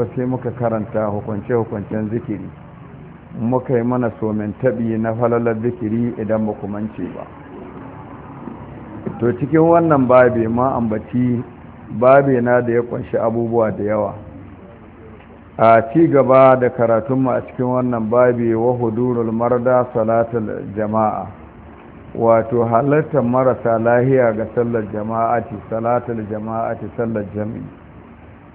ba sai muka karanta hukunce-hukuncen zikiri muka yi mana somin tabi na falalar zikiri idan ba kumance ba to cikin wannan babe ma ambaci babe na da ya kunshi abubuwa da yawa a ci gaba da karatunmu a cikin wannan babe wa hudurul marda salatul jama'a wato halartar marasa lahiya ga sallar jama'a jama'ati salatul ce sallar jami'a.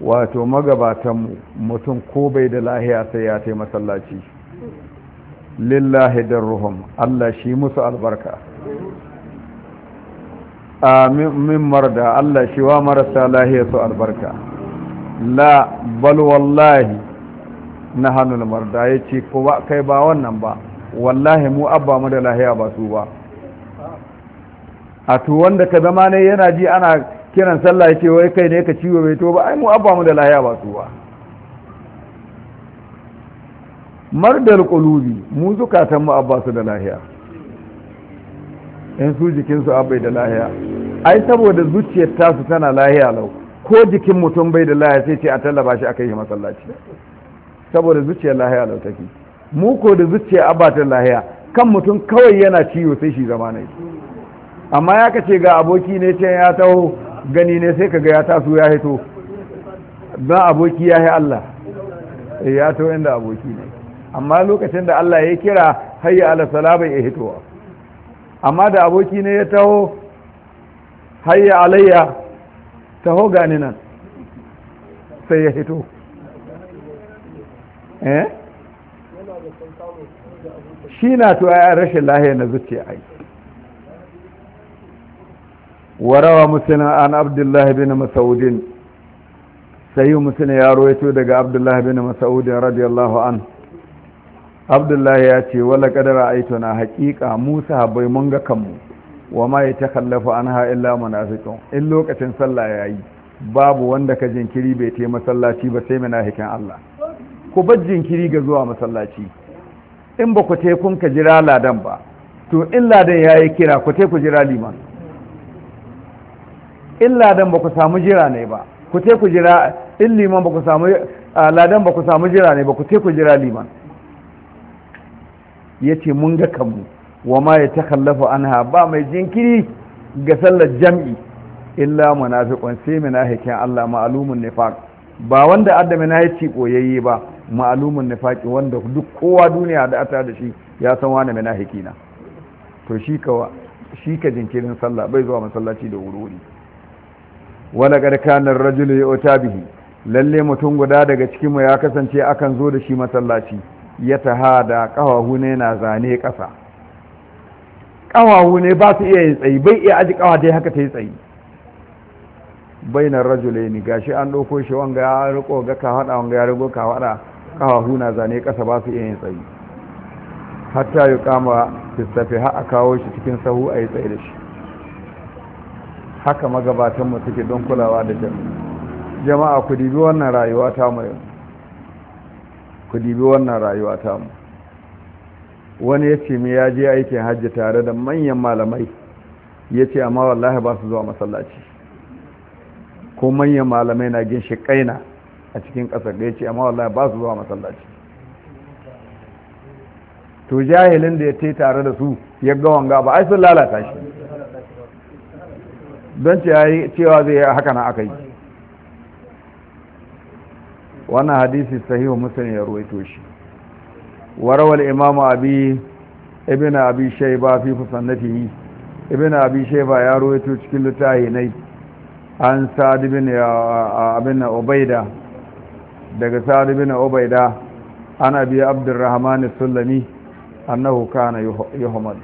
wato magabatan mutum ko bai da lahiya sai ya tai masallaci lillahi ruhun Allah shi musu albarka amin marda Allah shi wa marasa lahiya su albarka la bal wallahi na hannun marda ya ce kai ba wannan ba wallahi mu abba mu da lahiya ba su ba a tuwon da ka zama ne yana ji ana kiran sallah ya ce wai kai ne ka ciwo bai to ba ai mu abba mu da lahiya ba su ba mardar kulubi mu zukatan mu abba su da lahiya in su jikinsu abai da lahiya ai saboda zuciyar su tana lahiya lau ko jikin mutum bai da lahiya sai ce a tallaba shi aka yi masallaci saboda zuciyar lahiya lau take mu ko da zuciya abatar lahiya kan mutum kawai yana ciwo sai shi zama ne amma ya kace ga aboki ne can ya taho gani ne sai ka ga ya taso ya hito don aboki ya yi Allah eh, ya to inda aboki ne amma lokacin da Allah ya kira hayya ala sala ya hitowa amma da aboki ne ya taho hayya alayya taho gani nan sai ya hito eh shi na to ya rashin lahiya na zuciya ai وروى مسلم عن عبد الله بن مسعود سيو مسلم يا رويتو دغ عبد الله بن مسعود رضي الله عنه عبد الله ياتي ولا قد رايتنا حقيقه موسى bai mun ga kanmu wama ya takallafu anha illa munafiqun in lokacin sallah yayi babu wanda ka jinkiri bai tai masallaci ba sai munafikin Allah ku bar jinkiri ga zuwa masallaci in ba ku tai ka jira ladan ba to in ladan yayi kira ku tai ku jira liman illa dan ba ku samu jira ne ba ku te ku jira in liman ba ku samu ladan ba ku samu jira ne ba ku te ku jira liman ya ce mun ga kanmu wa ma ya takallafa anha ba mai jinkiri ga sallar jam'i illa munafiqun sai munafiqin Allah ma'lumun nifaq ba wanda na yi koyayye ba ma'lumun nifaqi wanda duk kowa duniya da ata da shi ya san wani munafiqi na to shi ka shi ka jinkirin sallah bai zuwa masallaci da wuri-wuri wala garkanar rajulu ya ota bihi lalle mutum guda daga cikinmu ya kasance akan zo da shi masallaci ya taha da ƙawahu ne na zane ƙasa ƙawahu ne ba su iya yin tsayi bai iya aji ƙawa dai haka ta yi tsayi bainar rajule ne gashi an ɗauko shi wanga ya riko ga ka haɗa wanga ya rigo ka haɗa ƙawahu na zane ƙasa ba su iya yin tsayi hatta yi kama fistafi ha a kawo shi cikin sahu a yi tsaye da shi haka magabatanmu suke don kulawa da jami'a jama'a ku dibi wannan rayuwa ta mu ku dibi wannan rayuwa ta mu wani ya ce mai ya je aikin hajji tare da manyan malamai ya ce amma wallahi ba su zuwa masallaci ko manyan malamai na gin shi kaina a cikin ƙasar da ya ce amma wallahi ba su zuwa masallaci to jahilin da ya ce tare da su ya ga wanga ba ai sun lalata shi don cewa zai haka na aka yi wannan hadisi sahihu muslim ya ruwaito shi warawal imamu abi ibn abi ba fi musannatihi ibn abi ba ya ruwaito cikin littafi ne an sa'd ibn abin obaida daga sa'd ibn obaida ana biya abdurrahmanin sullami annahu kana yuhmad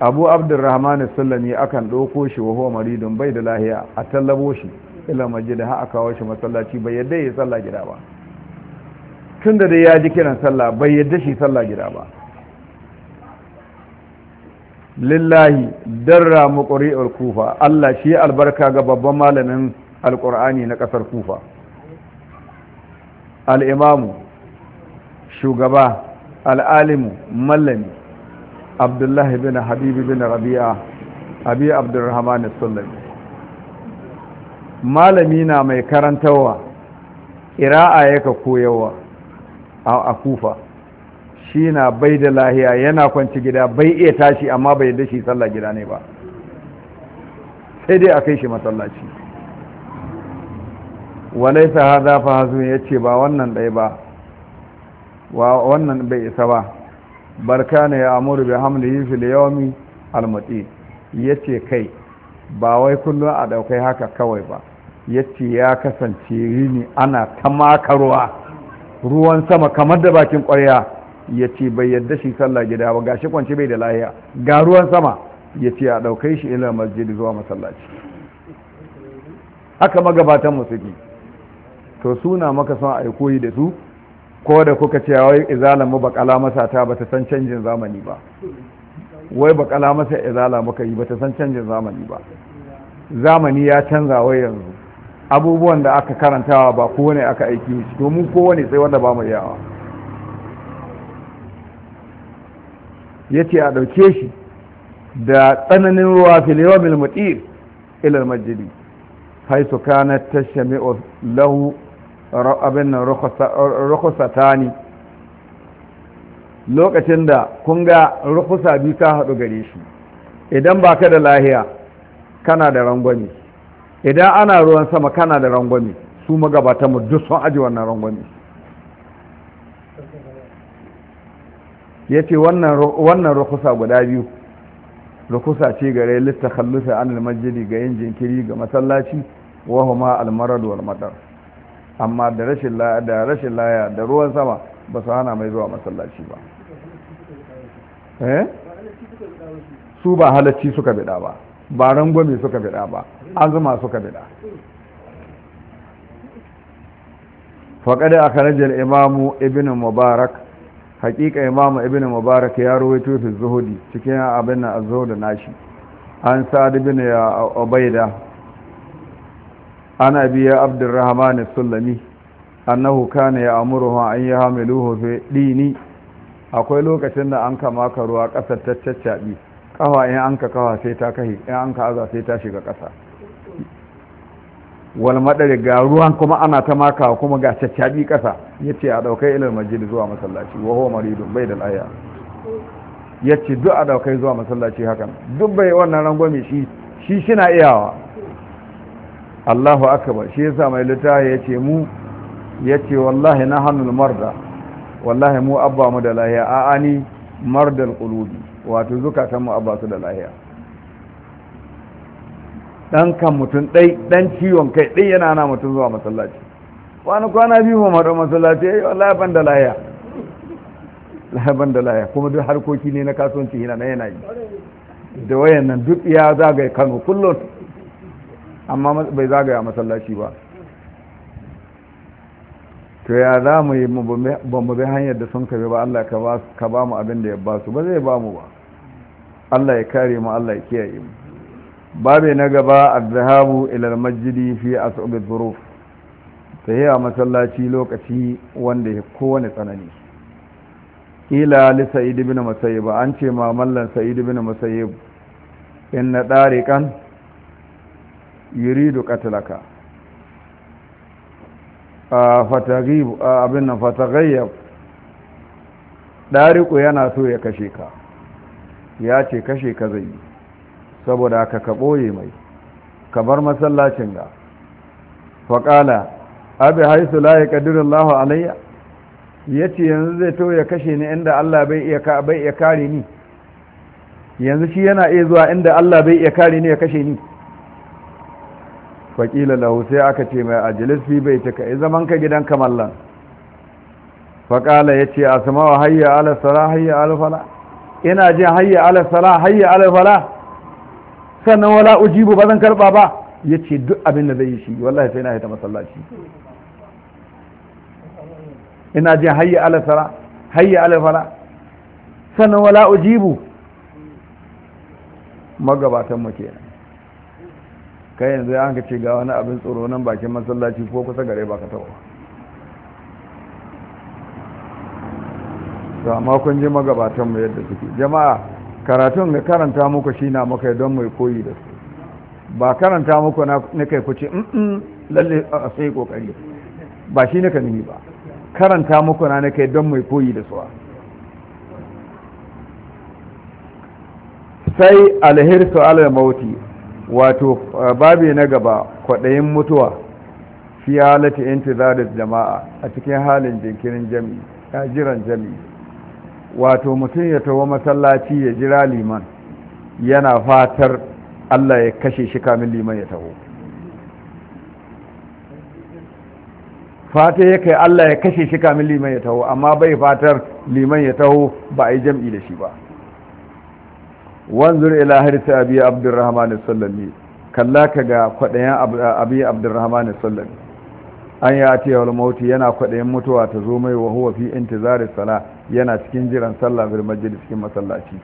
abu abdurrahman sallami akan ɗauko shi wa huwa maridun bai da lahiya a tallabo shi ila majida ha aka kawo shi masallaci bai yadda ya sallah gida ba tun da dai ya ji kiran sallah bai yadda shi sallah gida ba lillahi darra muqri'ul kufa Allah shi albarka ga babban malamin alqur'ani na kasar kufa al-imamu shugaba al-alimu mallami abdullahi bin habibi bin rabi'a abi abdurrahman sulami malami na mai karantarwa ira'a yaka koyarwa a kufa shi na bai da lahiya yana kwanci gida bai iya tashi amma bai da shi sallah gida ne ba sai dai a kai shi masallaci walaisa haza fa hazu yace ba wannan ba wannan bai isa ba barkana ya amuru bi hamlihi fil yawmi al muti yace kai ba wai kullum a daukai haka kawai ba yace ya kasance rini ana ta ruwa ruwan sama kamar da bakin ƙwarya yace bai yadda shi sallah gida ba gashi kwance bai da lahiya ga ruwan sama yace a daukai shi ila masjidi zuwa masallaci haka magabatan musuki to suna maka son a koyi da su ko da kuka ce wai izala mu bakala masa ta bata san canjin zamani ba wai bakala masa izala muka yi bata san canjin zamani ba zamani ya canza wai yanzu abubuwan da aka karantawa ba kowane aka aiki shi domin kowane sai wanda ba mu yawa ya ce a ɗauke shi da tsananin ruwa yawmil mutir ilal masjid haythu kanat tashmi'u lahu abin nan ne lokacin da kun ga rukusa biyu ka haɗu gare shi idan ba ka da lahiya kana da rangwami, idan ana ruwan sama kana da rangwami, su magabata mu duk sun aji wannan rangwami. ya ce wannan rukusa guda biyu rukusa ce gare litta kallusa an almajiri ga yin jinkiri ga masallaci wahuma almarar wal amma da rashin da rashin laya da ruwan sama ba su hana mai zuwa masallaci ba eh su ba halacci suka bida ba ba rangwame suka bida ba azuma suka bida faƙaɗe a al imamu ibn mubarak haƙiƙa imamu ibn mubarak ya ruwaito fi zuhudi cikin abin na zuhudu nashi an sa'ad ibn ya obaida ana biya abdurrahman sulami annahu kana ya amuruhu an yi hamiluhu fi dini akwai lokacin da an kama ka ruwa ƙasar ta caccaɓi ƙawa in an ka kawa sai ta kahi in an ka aza sai ta shiga ƙasa wal madari ga ruwan kuma ana ta maka kuma ga caccaɓi ƙasa ya ce a ɗaukai ilil majid zuwa masallaci wa huwa maridun bai da laya ya ce duk a ɗaukai zuwa masallaci hakan duk bai wannan rangwame shi shi shina iyawa Allahu akabar shi yasa mai ya ce mu ya ce wallahi na hannun marda wallahi mu abba mu da lahiya a ani mardal ƙulubi wato zukatan mu abba su da lahiya dan kan mutum ɗai dan ciwon kai ɗai yana na mutum zuwa masallaci wani kwana biyu ma da masallaci yi eh, wallahi ban da lahiya lahaban da lahiya kuma duk harkoki ne na kasuwanci yana yana yi da wayan nan duk ya zagaye Kano kullum amma bai zagaya masallaci ba to ya za mu yi ba mu bi hanyar da sun kabe ba Allah ka ba mu abin da ya ba su ba zai ba mu ba Allah ya kare mu Allah ya kiyaye mu babe na gaba a azhabu ila almasjidi fi as'ab adh-dhuruf a masallaci lokaci wanda ya kowane tsanani ila li sa'id ibn musayyib an ce ma mallan sa'id ibn musayyib inna dariqan yuridu qatlaka fataghibu abin nan fataghayyab dariku yana so ya kashe ka ya ce kashe ka zai yi saboda haka ka ɓoye mai ka bar masallacin da. faƙala abi haisu laye ƙadirin lahu alayya ya ce yanzu zai to ya kashe ni inda allah bai iya kare ni yanzu shi yana iya zuwa inda allah bai iya kare ni ya kashe ni faƙila lahu sai aka ce mai ajilis fi bai ta kai zaman ka gidan kamallan faƙala ya ce a sama wa hayya ala hayya ala fala ina jin hayya ala sala hayya ala fala sannan wala ujibu ba zan karɓa ba ya ce duk abin da zai yi shi wallahi sai na haita masallaci ina jin hayya ala sala hayya ala fala sannan wala ujibu magabatan mu kenan kai yanzu ya hanka ce ga wani abin tsoro nan bakin masallaci ko kusa gare ba ka taɓa ba amma kun ji magabatanmu yadda suke jama'a karatun ga karanta muku shi na maka don mai koyi da su ba karanta muku na kai ku ce lalle a sai kokari ba shi na kanini ba karanta muku na na kai don mai koyi da su sai alhirsu alal mauti wato babi na gaba kwaɗayin mutuwa fi halata jama'a a cikin halin jinkirin jami'i ya jiran jami'i wato mutum ya tawo masallaci ya jira liman yana fatar allah ya kashe shi kamin liman ya taho fata ya kai allah ya kashe shi kamin liman ya taho amma bai fatar liman ya taho ba a yi jam'i da shi ba wanzur ila harta abi abdurrahman sallami kalla ka ga kwadayan abi abdurrahman sallami an ya ati wal mauti yana kwadayan mutuwa ta zo mai wa huwa fi intizari sala yana cikin jiran sallah bil majlis cikin masallaci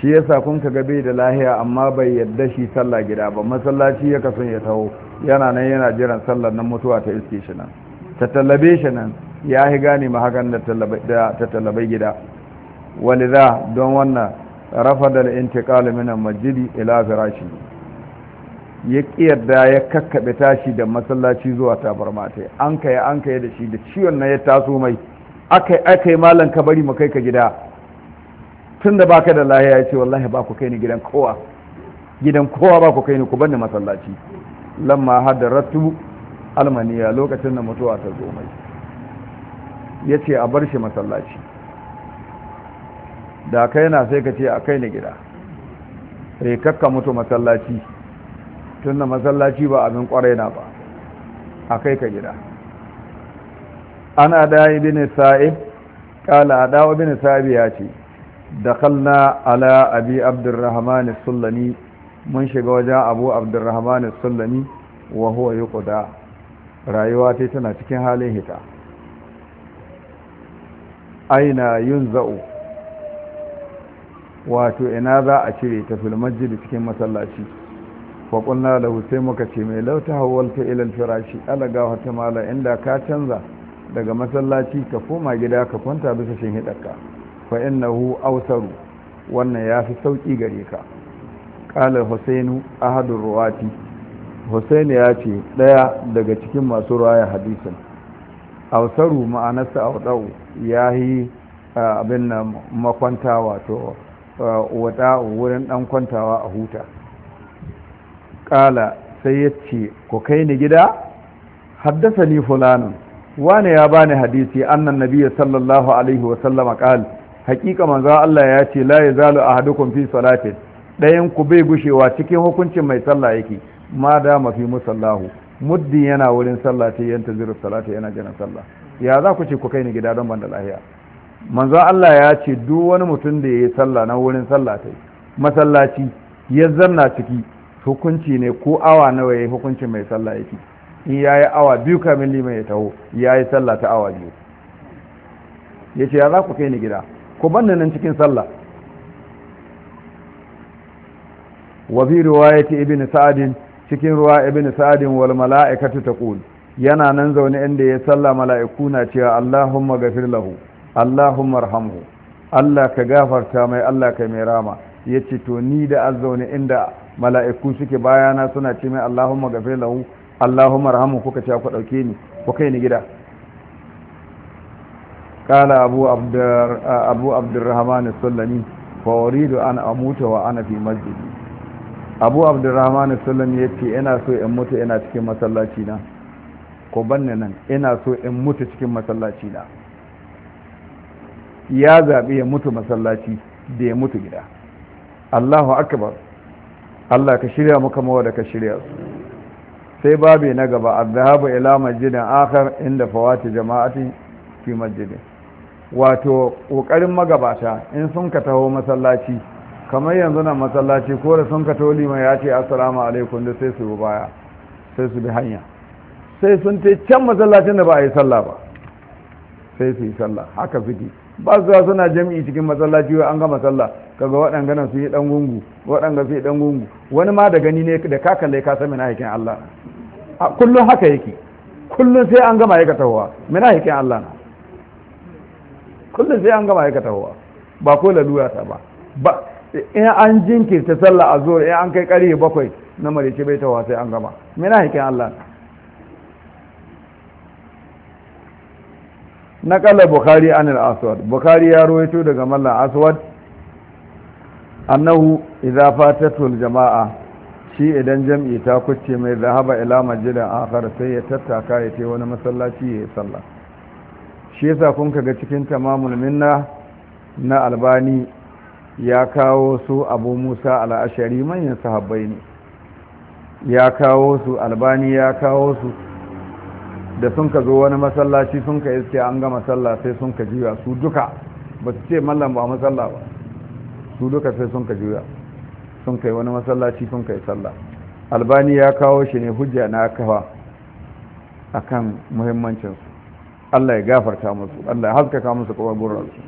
shi yasa kun ka bai da lahiya amma bai yadda shi sallah gida ba masallaci ya kasan ya taho yana nan yana jiran sallar nan mutuwa ta iske shi nan ta tallabe shi nan ya yi gane ma hakan da ta tallabai gida walidha don wannan rafadal da min al-masjid ila firashi ya kiyarda ya kakkabe tashi da masallaci zuwa tabarma tai an kai an kai da shi da ciwon na ya taso mai akai yi malan ka bari mu kai ka gida da baka da lahiya ya ce wallahi ba ku kai ni gidan kowa gidan kowa ba ku kai ni ku bani masallaci lamma hadaratu almaniya lokacin da mutuwa ta zo mai yace a bar shi masallaci da kai na sai ka ce a kai ni gida sai eh, kakka mutu masallaci tun da masallaci ba abin kwarai na ba a kai ka gida ana da bin sa'ib kala adawa bin sa'ib ya ce Da kalla ala abi abdurrahman mun shiga wajen abu abdurrahman as-sullani wa huwa yuqda rayuwa ta tana cikin halin hita aina yunza'u wato ina za a cire ta fil cikin masallaci fa da sai muka ce mai lauta ta ila al firashi alaga wata mala inda ka canza daga masallaci ka koma gida ka kwanta bisa shin hidarka fa innahu awsaru wannan yafi sauki gare ka qala husainu ahadu ruwati husaini ya ce ɗaya daga cikin masu rawaya hadisin awsaru ma'anarsa awdau yahi abin nan makwanta wato wata wurin ɗan kwantawa a huta ƙala sai ya ce ku kai ni gida haddasa ni fulanin wane ya bani hadisi annan nabiya sallallahu alaihi a ƙal hakika manzo Allah ya ce la ya zalu a hadukun fi salatin ɗayan ku bai gushewa cikin hukuncin mai sallah yake ma da mafi musallahu muddin yana wurin sallah ta yanta zirar salata yana jiran sallah ya za ku ce ku kai ni gida don ban da lahiya manzon Allah ya ce duk wani mutum da ya yi sallah na wurin sallah ta masallaci ya zanna ciki hukunci ne ko awa nawa ya yi hukunci mai sallah yake in ya yi awa biyu kamin liman ya taho ya yi sallah ta awa biyu ya ce ya za ku kai ni gida ku banna nan cikin sallah wa fi riwayati ibn sa'adin cikin ruwa ibn sa'adin wal mala'ikatu taqul yana nan zaune inda ya sallah mala'iku na cewa Allahumma ghafir lahu Allahumma arhamhu Allah ka gafarta mai Allah ka mai rama yace to ni da azzauni inda mala'iku suke bayana suna ce mai Allahumma gafir lahu Allahumma arhamhu kuka ce ku dauke ni ku kai ni gida qala abu abdur abu abdurrahman as-sullami fa uridu an amuta wa ana fi masjidi abu abdurrahman as-sullami yace ina so in mutu ina cikin masallaci na ko banne nan ina so in mutu cikin masallaci na ya zaɓi ya mutu masallaci da ya mutu gida Allahu akbar Allah ka shirya muka mawa da ka shirya su sai babu na gaba azhabu ila masjidin akhar inda fawati jama'atin fi masjidin wato kokarin magabata in sun ka taho masallaci kamar yanzu nan masallaci ko da sun ka taho liman ya ce assalamu alaikum da sai su baya sai su bi hanya sai sun ce can masallacin da ba a yi sallah ba sai su yi sallah haka suke ba su suna jami'i cikin masallaci an gama sallah kaga waɗanga nan sun yi dan gungu waɗanga sun yi dan gungu wani ma da gani ne da ka kalle ka san mina hakin Allah a kullun haka yake kullun sai an gama yaka tawa mina hakin Allah na kullun sai an gama yaka tawa ba ko laluya ta ba ba in an jinkirta sallah a zuwa in an kai ƙarfe bakwai na ce bai tawa sai an gama mina hakin Allah na naqala bukhari an al-aswad ya ruwaito daga mallan aswad annahu idza fatatu jamaa shi idan jam'i ta kuce mai zahaba ila masjidin akhar sai ya tattaka ya ce wani masallaci ya sallah shi yasa kun kaga cikin tamamul minna na albani ya kawo su abu musa al'ashari manyan sahabbai ne ya kawo su albani ya kawo su da sun ka zo wani masallaci sun ka yi an gama sallah sai sun ka juya su duka ba su ce mallam ba masalla ba su duka sai sun ka juya sun ka yi wani masallaci sun ka yi sallah albani ya kawo shi ne hujja na kawa akan muhimmancinsu allah ya gafarta musu allah ya haskaka musu kuma burarsu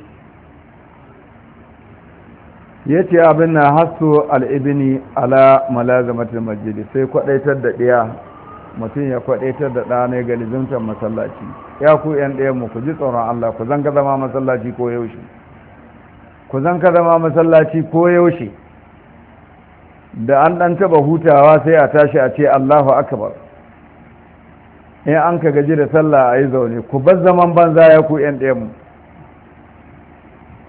ya ce abin na hasso al'ibini ala malazamatin majidi sai kwadaitar da ɗiya mutum ya kwadaitar da ɗanai ga lizimtar masallaci ya ku yan ɗaya mu ku ji tsoron Allah ku zanka zama masallaci ko yaushe ku zanka zama masallaci ko yaushe da an ɗan taɓa hutawa sai a tashi a ce Allahu akbar in an ka gaji da sallah a yi zaune ku bar zaman banza ya ku yan ɗaya mu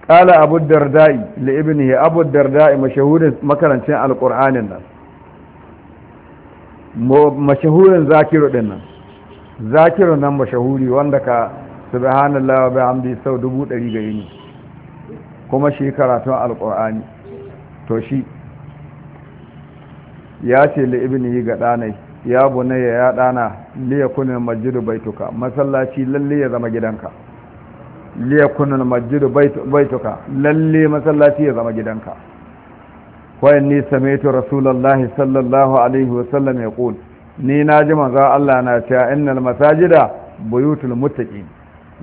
قال أبو الدرداء لابنه أبو الدرداء مشهور مكرنشين القرآن الناس mashahurin zakiru din nan zakiru nan mashahuri wanda ka subhanallah wa bihamdi sau dubu ɗari gari ne kuma shi karatun alƙur'ani to shi ya ce li yi ga ɗanai ya bunayya ya ɗana liya kunin majidu baituka masallaci lalle ya zama gidanka liya kunin majidu baituka lalle masallaci ya zama gidanka وإني samaitu rasulullahi sallallahu alaihi wasallam ya وسلم ni na ji manzo Allah na cewa innal masajida buyutul muttaqin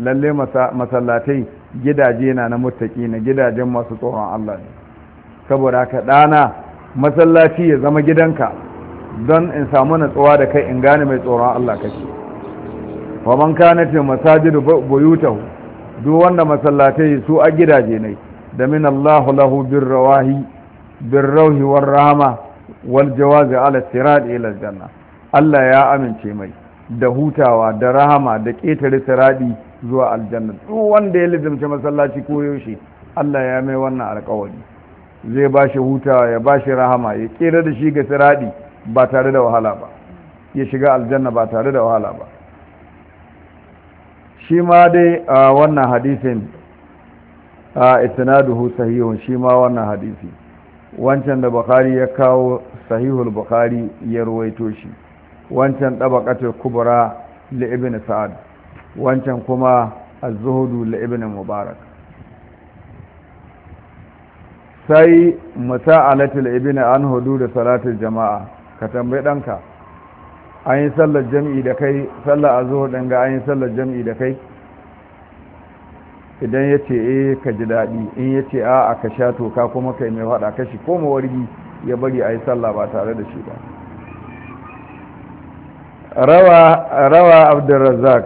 lalle masallatai gidaje na na muttaqi na gidajen masu tsoron Allah ne saboda ka dana masallaci ya zama gidanka don in samu natsuwa da kai in gane mai tsoron Allah kake wa man kana ta masajidu buyutahu duk wanda masallatai su a gidaje ne da min Allahu lahu birrawahi بالروح والرحمة والجواز على الصراط إلى الجنة الله يا أمن شيمي da hutawa da rahama da ƙetare siraɗi zuwa aljanna duk wanda ya lizimci masallaci ko yaushe Allah ya mai wannan alƙawari zai ba shi hutawa ya ba shi rahama ya ƙera da shi ga siraɗi ba tare da wahala ba ya shiga aljanna ba tare da wahala ba shi ma dai a wannan hadisin a itinaduhu sahihun shi ma wannan hadisin. wancan da bukari ya kawo sahihul bukari ya ruwaito shi wancan ɗabaƙatar kubura li sa'ad wancan kuma az la'ibin mubarak sai musa'alatul ibn an hudu da salatul jama'a ka tambayi ɗanka an yi sallar jam'i da kai sallar azuhudin ga an yi sallar jam'i da kai idan ya ce eh ka ji daɗi in ya ce a ka sha toka kuma kai mai faɗa kashi ko wargi ya bari a yi sallah ba tare da shi ba rawa abdurrazak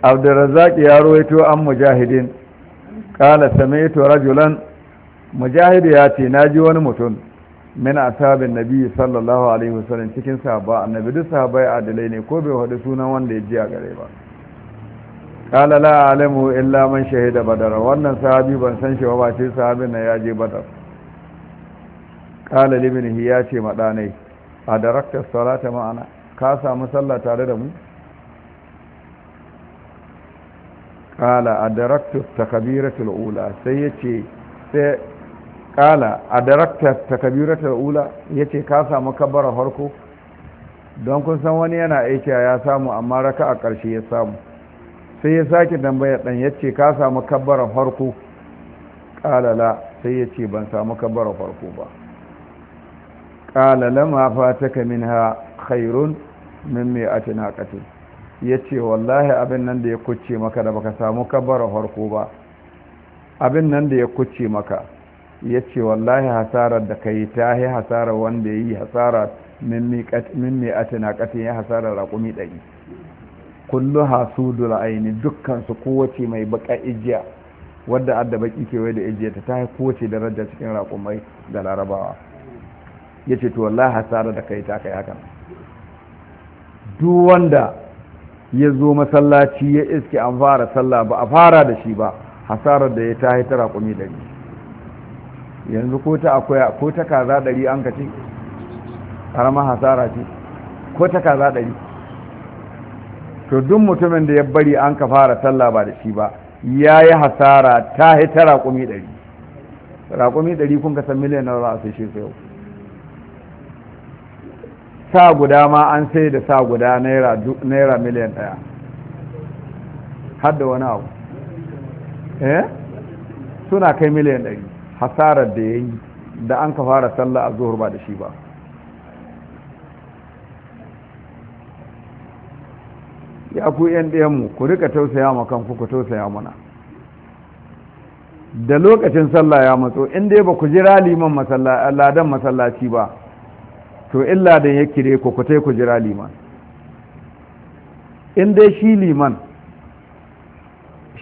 abdurrazak ya roito an mujahidin same to rajulan mujahid ya ce na ji wani mutum min ashabin nabi sallallahu alaihi wasallam cikin sahaba annabi duk sahabai adalai ne ko bai hadu sunan wanda ya ji a gare ba kala la alamu illa man shahida badar wannan sahabi ban san shi ba ce sahabin nan ya je badar kala limin libnihi ya ce madanai a darakta salata ma'ana ka samu sallah tare da mu kala a darakta takabiratul ula sai ya ce sai kala a darakta takabiratul ula ya ce ka samu kabbara farko don kun san wani yana aiki ya samu amma raka a ƙarshe ya samu sai ya sake tambaya dan ya ce ka samu kabbara farko ƙalala sai ya ce ban samu kabbara farko ba ƙalala ma fataka min ha khairun min mai ati naƙatin ya ce wallahi abin nan da ya kuce maka da baka samu kabbara farko ba abin nan da ya kuce maka ya ce wallahi hasarar da ka yi ta yi hasarar wanda ya yi hasarar min mai ati naƙatin ya hasarar raƙumi ɗari kullu hasudul aini dukkan su kowace mai baka ijiya wadda adda baki kewaye da ijiya ta ta kowace daraja cikin raƙumai da larabawa ya ce to wallahi hasara da kai ta kai hakan duk wanda ya zo masallaci ya iske an fara sallah ba a fara da shi ba hasarar da ya ta haita raƙumi ɗari yanzu ko ta akwai ko ta kaza ɗari an ka ce ƙaramar hasara ce ko ta kaza ɗari to duk mutumin da ya bari an ka fara sallah ba da shi ba ya yi hasara ta hita raƙumi ɗari raƙumi ɗari kun ka san miliyan na za a sai shi yau sa guda ma an sai da sa guda naira miliyan ɗaya har da wani abu eh suna kai miliyan ɗari hasarar da ya yi da an ka fara sallah a zuhur ba da shi ba ya ku yan mu, ku rika tausaya ma kanku ku tausaya mana da lokacin sallah ya matso in dai ba ku jira liman ladan masallaci ba to in ladan ya kire ku ku ku jira liman in dai shi liman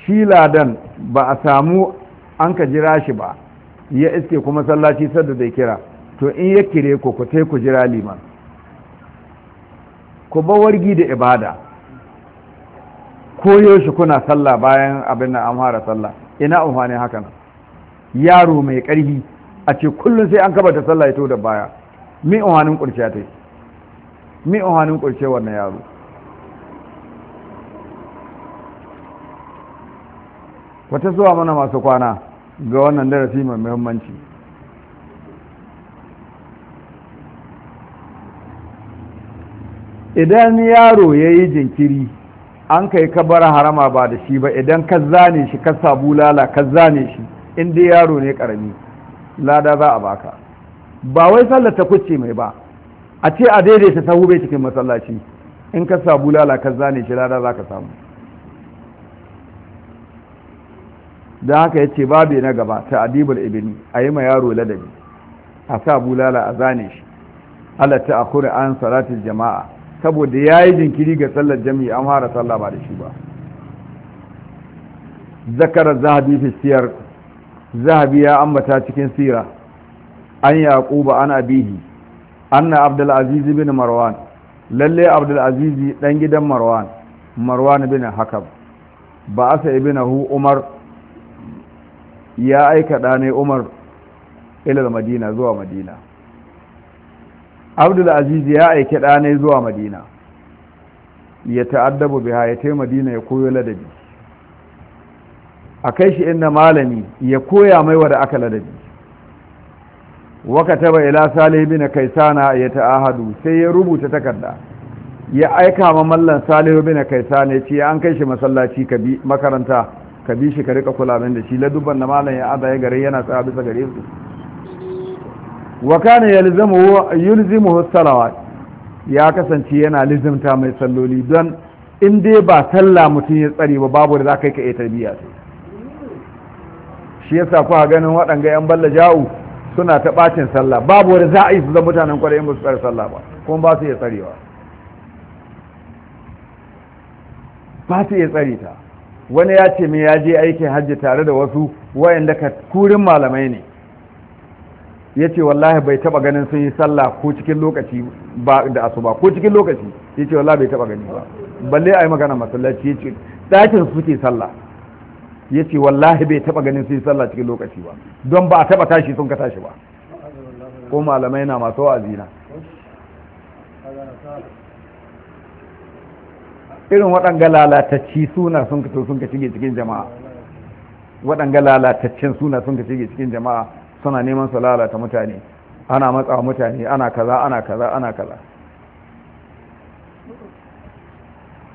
shi ladan ba a samu an ka jira shi ba ya iske kuma sallaci sadda da kira to in ya kire ku ku ku jira liman ku bawargi da ibada koyo shi kuna sallah bayan abin da an fara sallah ina amfani haka nan yaro mai ƙarfi a ce kullum sai an kaba ta sallah ya to da baya mi amfanin kurciya ta yi mi amfanin kurciya wannan yaro wata zuwa mana masu kwana ga wannan darasi mai muhimmanci idan yaro ya yi jinkiri an kai ka bar harama ba da shi ba idan ka zane shi ka sa bulala ka zane shi in dai yaro ne karami lada za a baka ba wai sallar ta kucce mai ba a ce a daidaita sahu bai cikin masallaci in ka sa bulala ka zane shi lada za ka samu don haka ya ce babu na gaba ta adibul ibini a yi ma yaro ladabi a sa bulala a zane shi Allah ta akuri an salatul jama'a saboda ya yi jinkiri ga sallar jami'i an fara sallah ba da shi ba zakar zahabi fi siyar zahabi ya ambata cikin sira an yaquba an abihi anna abdul aziz bin marwan lalle abdul aziz gidan marwan marwan bin hakam ba asa ibnahu umar ya aika ɗane umar ila madina zuwa madina abdul aziz ya aiki ɗanai zuwa madina ya ta'addabu biha ya tai madina ya koyo ladabi a kai shi inda malami ya koya mai wada aka ladabi waka taba ila salih bin kaisana ya ta'ahadu sai ya rubuta takarda ya aika ma mallan salih bin kaisana ya ce an kai shi masallaci ka makaranta ka bi shi ka rika kula da shi ladubban da malam ya ada ya gare yana tsaya bisa gare su wa kana yalzamuhu yulzimuhu salawat ya kasance yana lizimta mai salloli don in dai ba sallah mutum ya tsare ba babu da za ka yi sai shi yasa kuwa ganin waɗanga yan balla jawu suna ta bacin sallah babu da za a yi su zama mutanen kwarai musu tsare sallah ba kuma ba su iya tsarewa ba su iya tsare ta wani ya ce mai ya je aikin hajji tare da wasu wayanda ka kurin malamai ne ya ce wallahi bai taba ganin sun yi sallah ko cikin lokaci ba da asuba ko cikin lokaci ya ce wallahi bai taba gani ba balle a yi magana masallaci ya ce ɗakin su suke sallah ya ce wallahi bai taba ganin sun yi sallah cikin lokaci ba don ba a taba tashi sun ka tashi ba ko malamai na masu wa'azina irin waɗanga lalatacci suna sun ka sun ka cikin jama'a waɗanga lalataccen suna sun ka shige cikin jama'a suna neman su lalata mutane ana matsa mutane ana kaza ana kaza ana kaza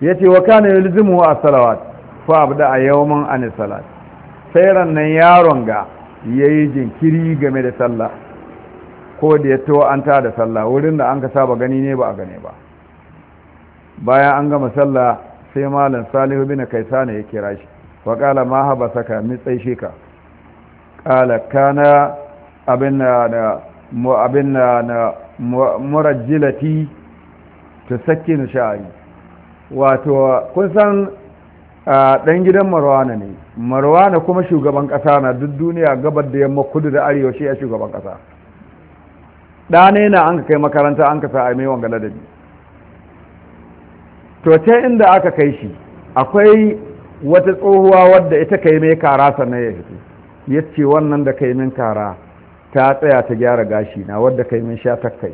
Ya ce, wa kane yalzimu a salawat fa abda a yawman an salat sai rannan yaron ga yayi jinkiri game da sallah ko da ya to an ta da sallah wurin da an ka saba gani ne ba a gane ba bayan an gama sallah sai malam salihu kai sana ya kira shi wa kala ma haba saka mitsai shika ƙala kana abin na abin na murajjilati ta sakin sha'ari wato kun san ɗan gidan marwana ne marwana kuma shugaban ƙasa na duk duniya gabar da yamma kudu da arewa shi ya shugaban ƙasa ɗane na an ka kai makaranta an ka sa aimai wanga ladabi to ce inda aka kai shi akwai wata tsohuwa wadda ita kai mai kara sannan ya fito ya ce wannan da kai min kara ta tsaya ta gyara gashi na wadda kai min sha takai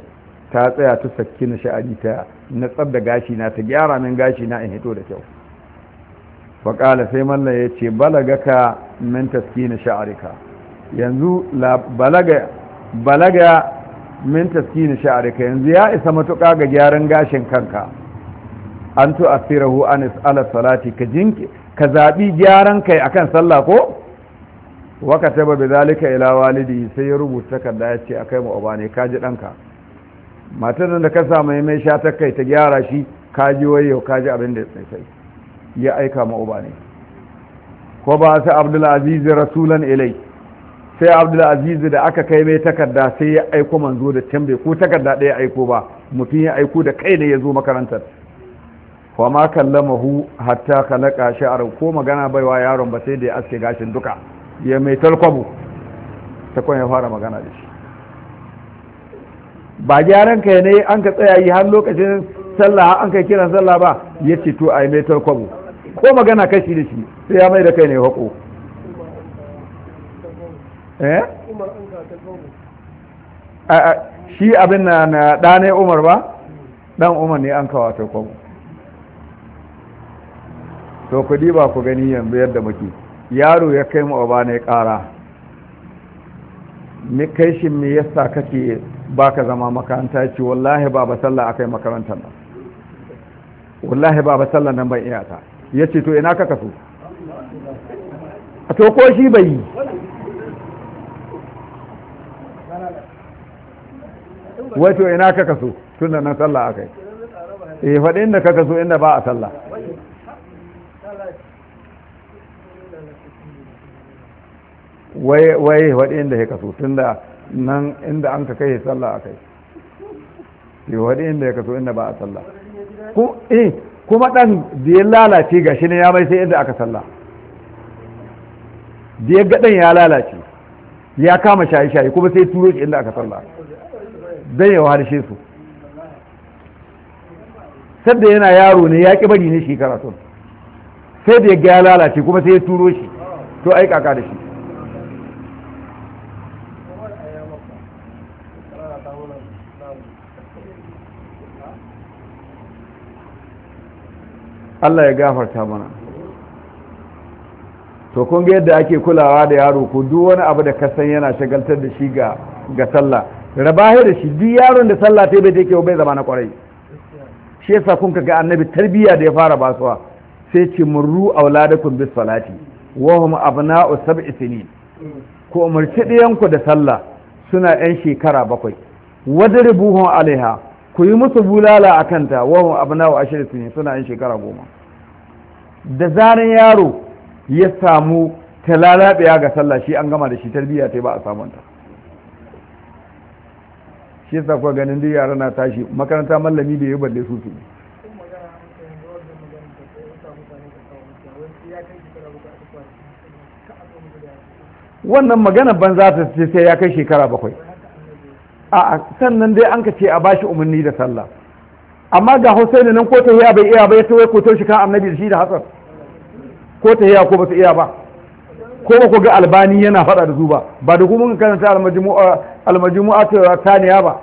ta tsaya ta sakki na sha'ani ta natsar da gashi na ta gyara min gashi na in hito da kyau faƙala sai mallan ya ce balaga ka min taski na sha'arika yanzu balaga min taski na sha'arika yanzu ya isa matuƙa ga gyaran gashin kanka an to asirahu an is'ala salati ka jinki ka zaɓi gyaran kai akan sallah ko waka wa bi zalika ila walidi sai ya rubuta takarda ya ce akai mu uba ne kaji danka matar da ka samu mai sha ta kai ta gyara shi kaji wayo kaji abin da sai ya aika ma uba ne ko ba sai abdul aziz rasulan ilai sai abdul aziz da aka kai mai takarda sai ya aiko manzo da tambe ko takarda da ya aiko ba mutum ya aiko da kai ne ya zo makarantar wa ma kallamahu hatta khalaqa sha'ar ko magana baiwa yaron ba sai da ya aske gashin duka ya mai talkwabo sakon ya fara magana da shi ba gyaran ka ne an ka tsaya yi har lokacin sallah an kai kiran sallah ba ya ce to a yi mai talkwabo ko magana kashi da shi sai ya mai da kai ne hako eh shi abin na ɗane umar ba ɗan umar ne an kawo talkwabo to ku diba ku gani yanzu yadda muke yaro ya kai mu uba ne ƙara mi kai shi me yasa kake baka zama makaranta ce wallahi baba sallah akai makarantar nan wallahi baba sallah nan ban iya ta yace to ina ka so to ko shi bai yi wato ina ka kaso tunda nan sallah akai eh faɗi inda ka kaso inda ba a sallah waye waɗe inda ya kaso tun da nan inda an ka kai sallah a kai ke waɗe inda ya kaso inda ba a sallah eh, kuma ɗan da ya lalace ga shi ne ya mai sai inda aka sallah da ya gaɗan ya lalace ya kama shaye-shaye kuma sai turo shi inda aka sallah don ya harshe su sadda yana yaro ne ya ƙi bari ne shi karatun sai da ya ga ya lalace kuma sai ya turo shi to ai kaka da shi Allah ya gafarta mana to kun ga yadda ake kulawa da yaro ko duk wani abu da kasan yana shagaltar da shi ga ga sallah rabahi da shi duk yaron da sallah ta bai take bai zama na kwarai shi yasa kun ga annabi tarbiyya da ya fara basuwa sai ce murru auladakum bis salati wa hum abna'u sab'i sinin ko umarci ɗiyanku da sallah suna 'yan shekara bakwai wadda alaiha ku yi musu bulala a kanta wa abna wa ashirin ne suna yin shekara goma da zaran yaro ya samu ta lalaɓiya ga sallah shi an gama da shi tarbiyya ta ba a samunta shi yasa kuwa ganin duk yara na tashi makaranta mallami bai yi balle su su wannan magana banza za ta sai ya kai shekara bakwai a sannan dai an ka ce a bashi umarni da sallah amma ga Hussein nan ko ta hiya bai iya ba ya tawaye ko ta kan annabi da shi da Hassan ko ta hiya ko ba su iya ba ko ba ku ga Albani yana faɗa da su ba ba da kuma karanta al-majmu'a ta saniya ba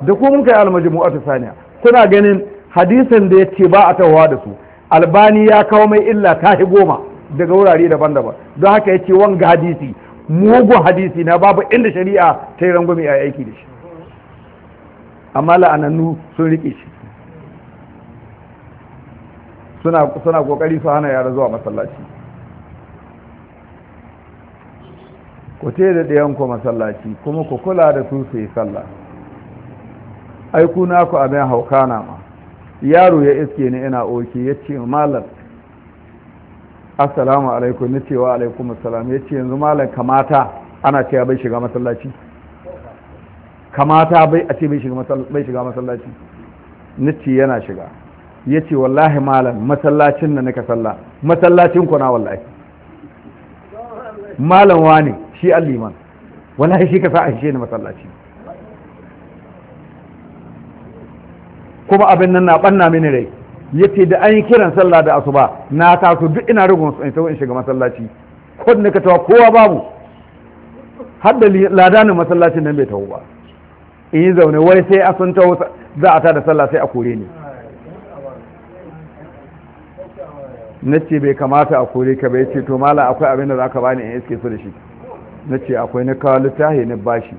da kuma kai almajimu'a ta saniya kuna ganin hadisin da ya ce ba a tawa da su Albani ya kawo mai illa ta goma daga wurare daban-daban don haka ya ce wanga hadisi mugun hadisi na babu inda shari'a ta yi rangwame a aiki da shi amma la'anannu sun riƙe shi suna ƙoƙari su hana yara zuwa masallaci ku te da ɗayan ku masallaci kuma ku kula da su su yi sallah Aiku naku na ku abin hauka na ma yaro ya iske ni ina oke ya ce malam assalamu alaikum na cewa alaikum assalam ya ce yanzu malam kamata ana cewa bai shiga masallaci kamata bai a ce bai shiga masallaci na ce yana shiga ya ce wallahi malam masallacin na nika sallah masallacin ku na wallahi malam wani shi alliman wallahi shi ka sa a shi ne masallaci kuma abin nan na banna mini rai Ya ce da an yi kiran sallah da asuba na taso duk ina rugun su in tawo in shiga masallaci ko da ka tawa kowa babu har da ladanin masallacin nan bai tawo ba in yi zaune wai sai a sun tawo za a tada sallah sai a kore ni na ce bai kamata a kore ka bai ce to mala akwai abin da za ka bani in iske su da shi na ce akwai na kawo littahi na bashi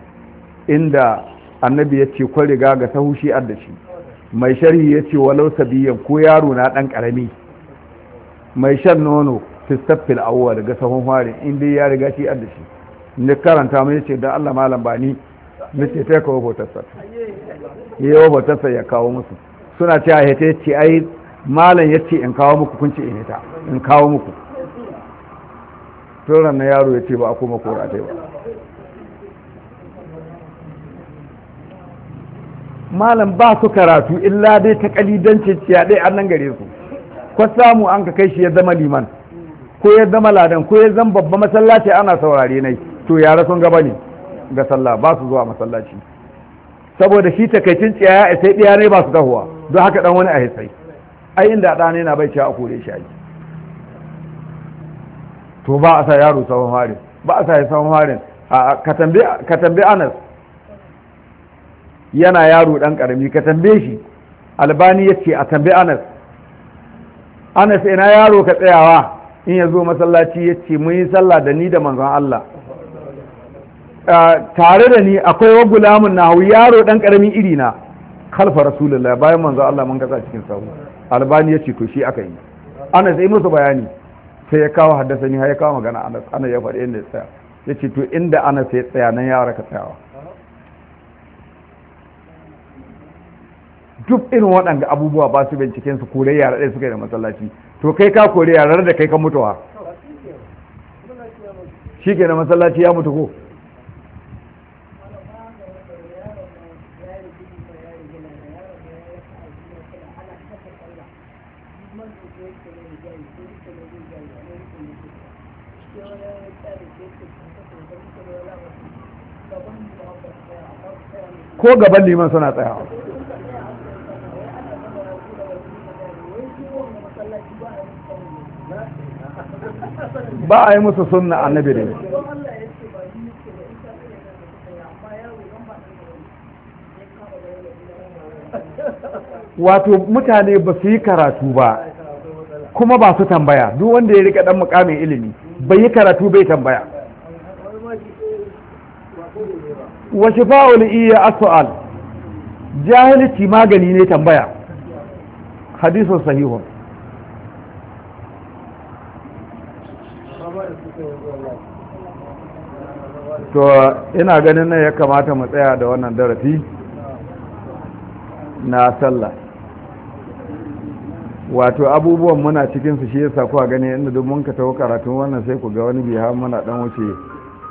inda annabi ya ce kwan riga ga sahushi shi da shi mai sharhi ya ce walau sabiyan ko yaro na ɗan ƙarami mai shan nono fistaffil awwa daga sahun hwari inda ya riga shi an da shi ni karanta mai ce da Allah malam ba ni Mace ta kawo hotarsa ya yi hotarsa ya kawo musu suna ce a hete ce ai malam ya ce in kawo muku kun ce in hita in kawo muku turan na yaro ya ce ba a koma kora ta yi ba malam ba su karatu illa dai ta kalidancin ciya dai an nan gare su ko samu an ka kai shi ya zama liman ko ya zama ladan ko ya zama babba masallaci ana saurare nai to yara sun gaba ne ga sallah ba su zuwa masallaci saboda shi takaicin ya sai ɗiya ne ba su dahuwa don haka dan wani a hitsai ai inda ne na bai ciya a kore shi aji to ba a sa yaro sabon harin ba a sa ya sabon harin ka tambi anas yana yaro dan karami ka tambaye shi albani ya ce a tambayi anas anas ina yaro ka tsayawa in ya zo masallaci ya ce mun yi sallah da ni da manzon Allah tare da ni akwai wa gulamun na hau yaro dan ƙaramin iri na kalfa rasulullah bayan manzon Allah mun kasa cikin sahu albani ya ce to shi aka yi anas yi musu bayani sai ya kawo haddasa ni ya kawo magana anas anas ya faɗi inda ya tsaya ya ce to inda anas ya tsaya nan yara ka tsayawa duk irin waɗanda abubuwa ba su binciken su kore yara ɗaya suka yi da masallaci to kai ka kore yarar da kai ka mutuwa shi ke na masallaci ya mutu ko ko gaban liman suna tsayawa ba a yi musu sunna na ne wato mutane ba su yi karatu ba kuma ba su tambaya duk wanda ya rika dan mukamin ilimi bai yi karatu bai tambaya wa shifa'ul iya as'al jahilci magani ne tambaya hadisun sahihun to ina ganin nan ya kamata mu tsaya da wannan darasi na sallah wato abubuwan muna cikin su shi yasa kuwa gani inda duk mun ka taho karatun wannan sai ku ga wani har muna dan wuce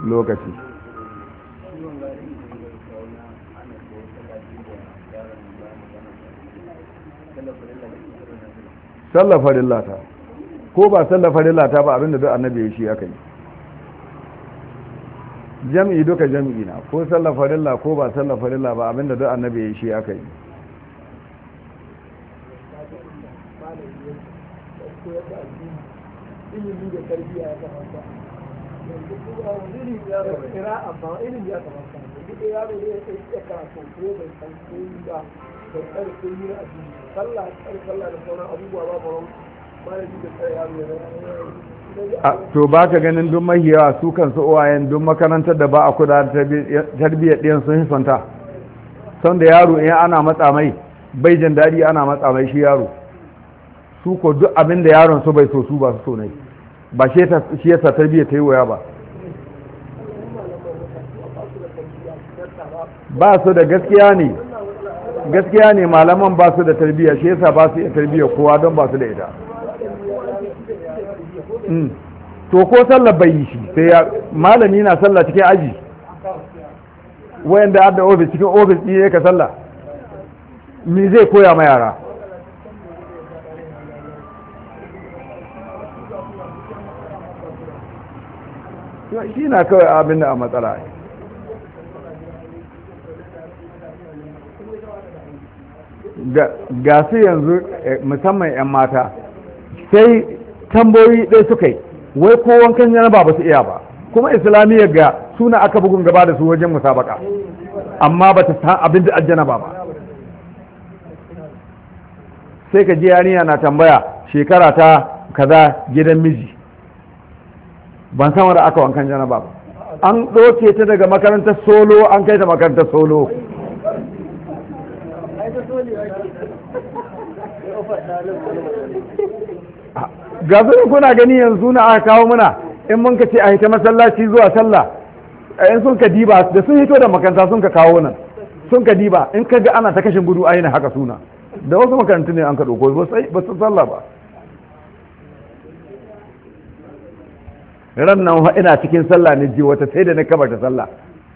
lokaci sallah farilla ko ba sallah farilla ba abinda duk annabi ya shi aka yi jam'i duka jam'i na ko sallar farilla ko ba sallar farilla ba abinda duk annabi ya yi shi aka yi ilimin da sauran abubuwa ba ba ya ya da ya to ba ka ganin duk mahiyawa su kansu uwayen duk makarantar da ba a kuda tarbiyyar ɗin sun hisanta son da yaro in ana matsa mai bai jin daɗi ana matsa mai shi yaro su ko duk abin da yaron su bai so su ba su so ne ba shi yasa tarbiyya ta yi waya ba ba su da gaskiya ne gaskiya ne malaman ba su da tarbiyya shi yasa ba su iya tarbiyya kowa don ba su da ita Mm. to ko sallar bai yi shi sai ya malami na sallah cikin aji wayanda adda ofis cikin ofis din ka sallah me zai koya ma yara shi na kawai abin da a matsala ga su yanzu eh, musamman 'yan mata sai tambayoyi ɗaya suka yi wai ko wankan janaba ba su iya ba kuma islamiyya ga suna aka bugun gaba da su wajen musabaka amma ba ta san abin da aljana ba sai ka ji yarinya na tambaya shekara ta kaza gidan miji ban san wanda aka wankan janaba ba an ɗauke ta daga makarantar solo an kai ta makarantar solo ga su kuna gani yanzu na aka kawo muna in mun ka ce a hita masallaci zuwa sallah eh, in sun ka diba da sun hito da makaranta sun ka kawo nan sun ka diba in ka ga ana ta kashin gudu ainihin haka suna da wasu makarantu ne an ka ɗauko ba su sallah ba ran nan ina cikin sallah ne ji wata sai da na kaba ta sallah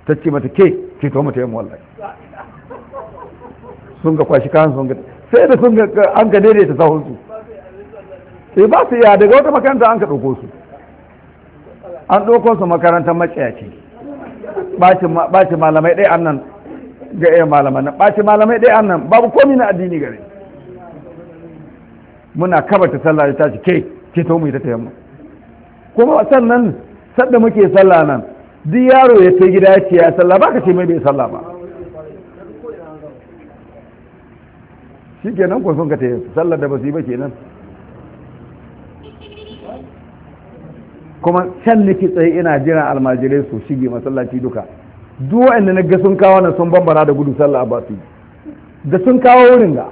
ta ce mata ke ce to mata mu wallahi sun ga kwashi kan sun ga sai da sun ga an ga daidaita sahunsu sai eh, ba su iya daga wata makaranta an ka ɗauko su an ɗauko su makarantar maciyaci ɓaci malamai ɗaya annan ga iya malaman nan ɓaci malamai ɗaya annan babu komi na addini gare muna kabata sallah ta tashi ke ke to mu yi ta tayammu kuma sannan sadda muke sallah nan duk yaro ya ce gida ya ce ya sallah ba ka ce mai bai sallah ba shi kenan kun sun ka ta sallar da ba su yi ba kenan kuma can nake tsaye ina jira almajirai su shige masallaci duka duk waɗanda na ga sun kawo nan sun bambara da gudu sallah ba su da sun kawo wurin ga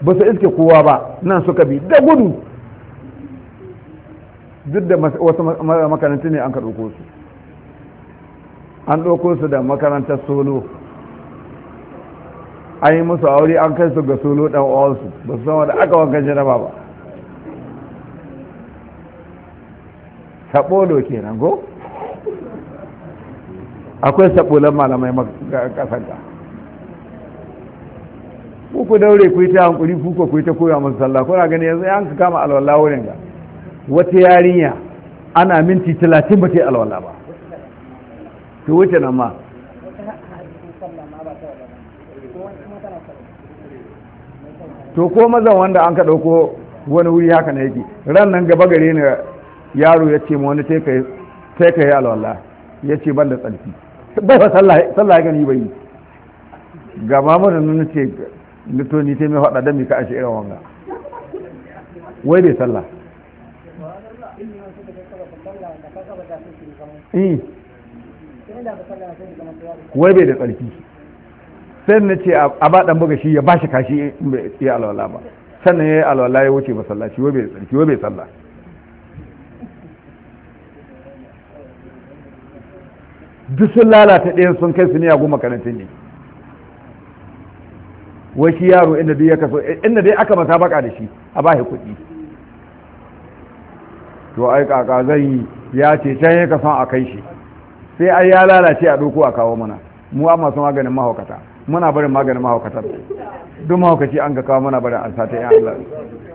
ba su iske kowa ba nan suka bi da gudu duk da wasu makarantu ne an ka ɗauko su an ɗauko su da makarantar solo an yi musu aure an kai su ga solo ɗan uwansu ba su san wanda aka wankan jaraba ba sabolo kenan go akwai sabolan malamai kasanta ku daure ku yi ta hankuri ku ku yi ta koya masu sallah na gani yanzu yanka ka kama alwallah wurin ga wata yarinya ana minti talatin ba ta yi alwallah ba to wuce nan ma to ko mazan wanda an ka ɗauko wani wuri haka na yake ran nan gaba gare ni yaro ya ce ma wani sai ka yi alwala ya ce ban da tsarki bai ba sallah gani bai yi ga mana nuna ce litoni sai mai faɗa don ka ashe irin wanga wai bai sallah eh. wai bai da tsarki sai na ce a ba dan buga shi ya bashi kashi ya bai alwala ba sannan ya yi alwala ya wuce masallaci wai bai da tsarki wai bai sallah duk sun lalata ɗayan sun kai su ne a goma karantin ne wai shi yaro inda duk ya kaso inda dai aka masa baka da shi a ba shi kuɗi to ai kaka zan yi ya ce can ya kaso a kai shi sai ai ya lalace a ɗauko a kawo mana mu a masu maganin mahaukata muna barin maganin mahaukata duk mahaukaci an ga kawo muna barin an sata ya Allah